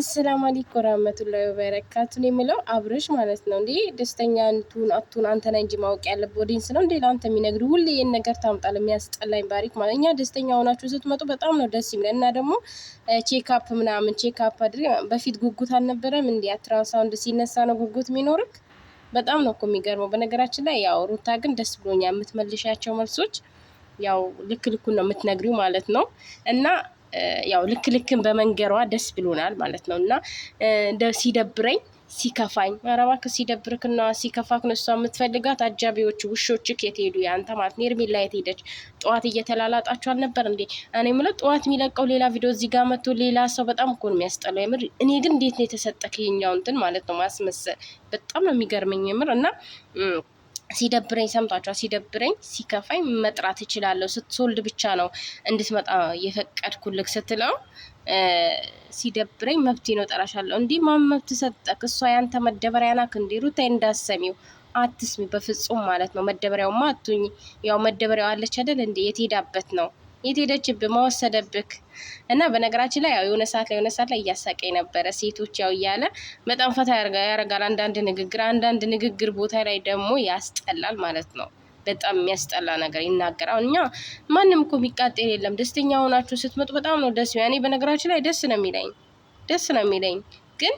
አሰላም አለይኩም ወራህመቱላሂ ወበረካቱ። የምለው አብርሽ ማለት ነው። እንዴ ደስተኛ እንቱን አቱን አንተ ነህ እንጂ ማወቅ ያለብህ ወዲንስ ነው እንዴ ለአንተ የሚነግሩ ሁሌ ይህን ነገር ታምጣል የሚያስጠላኝ ባሪክ ማለት እኛ ደስተኛ ሆናችሁ ስትመጡ በጣም ነው ደስ ይምለ እና ደግሞ አፕ ምናምን ቼክ አፕ አድርግ። በፊት ጉጉት አልነበረም እንዴ አትራሳውንድ ሲነሳ ነው ጉጉት የሚኖርክ። በጣም ነው እኮ የሚገርመው። በነገራችን ላይ ያው ሩታ ግን ደስ ብሎኛ የምትመልሻቸው መልሶች ያው ልክ ልኩን ነው የምትነግሪው ማለት ነው እና ያው ልክ ልክን በመንገሯ ደስ ብሎናል ማለት ነው እና ሲደብረኝ ሲከፋኝ አረባክ ሲደብርክና ሲከፋክ ነሷ የምትፈልጋት አጃቢዎች ውሾች የት ሄዱ? ያንተ ማለት ነው ኤርሚላ የት ሄደች? ጠዋት እየተላላጣችሁ አልነበር እንዴ? እኔ የምለው ጠዋት የሚለቀው ሌላ ቪዲዮ እዚህ ጋር መጥቶ ሌላ ሰው በጣም እኮ ነው የሚያስጠላው። የምር እኔ ግን እንዴት ነው የተሰጠክ ይኸኛው እንትን ማለት ነው ማስመሰል በጣም ነው የሚገርመኝ የምር እና ሲደብረኝ ሰምቷቸዋል። ሲደብረኝ ሲከፋኝ መጥራት እችላለሁ። ስትወልድ ብቻ ነው እንድትመጣ የፈቀድኩልክ ስትለው ሲደብረኝ መብቴ ነው ጠራሻለሁ። እንዲህ ማን መብት ሰጠክ? እሷ ያንተ መደበሪያ ናክ። እንዲ ሩታ እንዳሰሚው አትስሚ፣ በፍጹም ማለት ነው። መደበሪያውማ አቱኝ ያው መደበሪያው አለች አይደል? እንዲ የት ሄዳበት ነው የት ሄደችብህ ማወሰደብክ እና በነገራችን ላይ ያው የሆነ ሰዓት ላይ የሆነ ሰዓት ላይ እያሳቀኝ ነበረ። ሴቶች ያው እያለ በጣም ፈታ ያደርጋል አንዳንድ ንግግር፣ አንዳንድ ንግግር ቦታ ላይ ደግሞ ያስጠላል ማለት ነው። በጣም የሚያስጠላ ነገር ይናገራል። እኛ ማንም እኮ የሚቃጠል የለም። ደስተኛ ሆናችሁ ስትመጡ በጣም ነው ደስ ያኔ። በነገራችን ላይ ደስ ነው የሚለኝ ደስ ነው የሚለኝ፣ ግን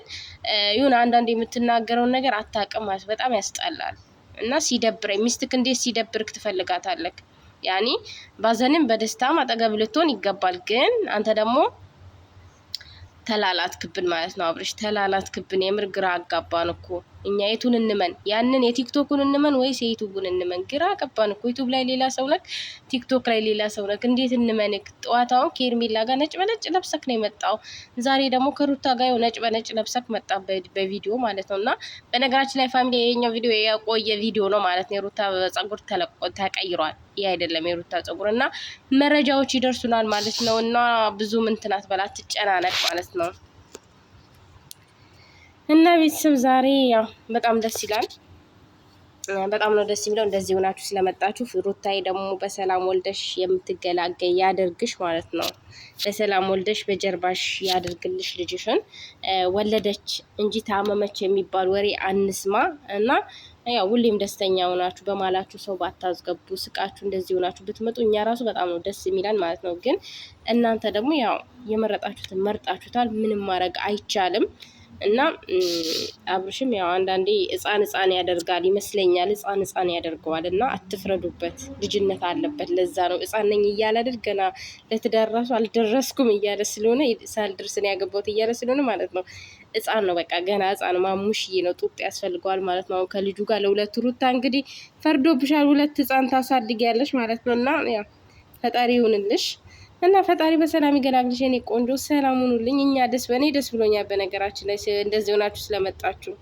ይሁን አንዳንድ የምትናገረውን ነገር አታውቅም ማለት በጣም ያስጠላል እና ሲደብረኝ፣ ሚስትክ እንዴት ሲደብርክ ትፈልጋታለክ? ያኒ ባዘንም በደስታም አጠገብ ልትሆን ይገባል። ግን አንተ ደግሞ ተላላት ክብን ማለት ነው አብርሽ ተላላት ክብን። የምር ግራ አጋባን እኮ እኛ የቱን እንመን? ያንን የቲክቶኩን እንመን ወይስ የዩቱቡን እንመን? ግራ ቀባን እኮ ዩቱብ ላይ ሌላ ሰው ነክ፣ ቲክቶክ ላይ ሌላ ሰው ነክ። እንዴት እንመንክ? ጠዋት አሁን ከኤርሜላ ጋር ነጭ በነጭ ለብሰክ ነው የመጣው። ዛሬ ደግሞ ከሩታ ጋር ነጭ በነጭ ለብሰክ መጣ፣ በቪዲዮ ማለት ነው። እና በነገራችን ላይ ፋሚሊ የኛው ቪዲዮ የቆየ ቪዲዮ ነው ማለት ነው። የሩታ ጸጉር ተቀይሯል። ይህ አይደለም የሩታ ጸጉር እና መረጃዎች ይደርሱናል ማለት ነው። እና ብዙ ምንትናት በላት ትጨናነቅ ማለት ነው። እና ቤተሰብ ዛሬ ያው በጣም ደስ ይላል። በጣም ነው ደስ የሚለው እንደዚህ ሆናችሁ ስለመጣችሁ። ሩታዬ ደግሞ በሰላም ወልደሽ የምትገላገይ ያደርግሽ ማለት ነው። በሰላም ወልደሽ በጀርባሽ ያደርግልሽ ልጅሽን። ወለደች እንጂ ታመመች የሚባል ወሬ አንስማ እና ያው ሁሌም ደስተኛ ሆናችሁ በማላችሁ ሰው ባታስገቡ ስቃችሁ እንደዚህ ሆናችሁ ብትመጡ እኛ ራሱ በጣም ነው ደስ የሚላል ማለት ነው። ግን እናንተ ደግሞ ያው የመረጣችሁትን መርጣችሁታል። ምንም ማድረግ አይቻልም። እና አብርሽም ያው አንዳንዴ ህፃን ህፃን ያደርጋል ይመስለኛል። ህፃን ህፃን ያደርገዋል እና አትፍረዱበት፣ ልጅነት አለበት። ለዛ ነው ህፃን ነኝ እያለ አይደል ገና ለትዳር አልደረስኩም እያለ ስለሆነ ሳልደርስ ያገባት እያለ ስለሆነ ማለት ነው። ህፃን ነው በቃ ገና ህፃን ማሙሽዬ ነው፣ ጡጥ ያስፈልገዋል ማለት ነው። ከልጁ ጋር ለሁለት ሩታ እንግዲህ ፈርዶብሻል፣ ሁለት ህፃን ያለሽ ማለት ነው እና ያው ፈጣሪ ይሁንልሽ። እና ፈጣሪ በሰላም ይገላግልሽ የኔ ቆንጆ። ሰላም ሁኑልኝ። እኛ ደስ በእኔ ደስ ብሎኛል። በነገራችን ላይ እንደዚህ ሆናችሁ ስለመጣችሁ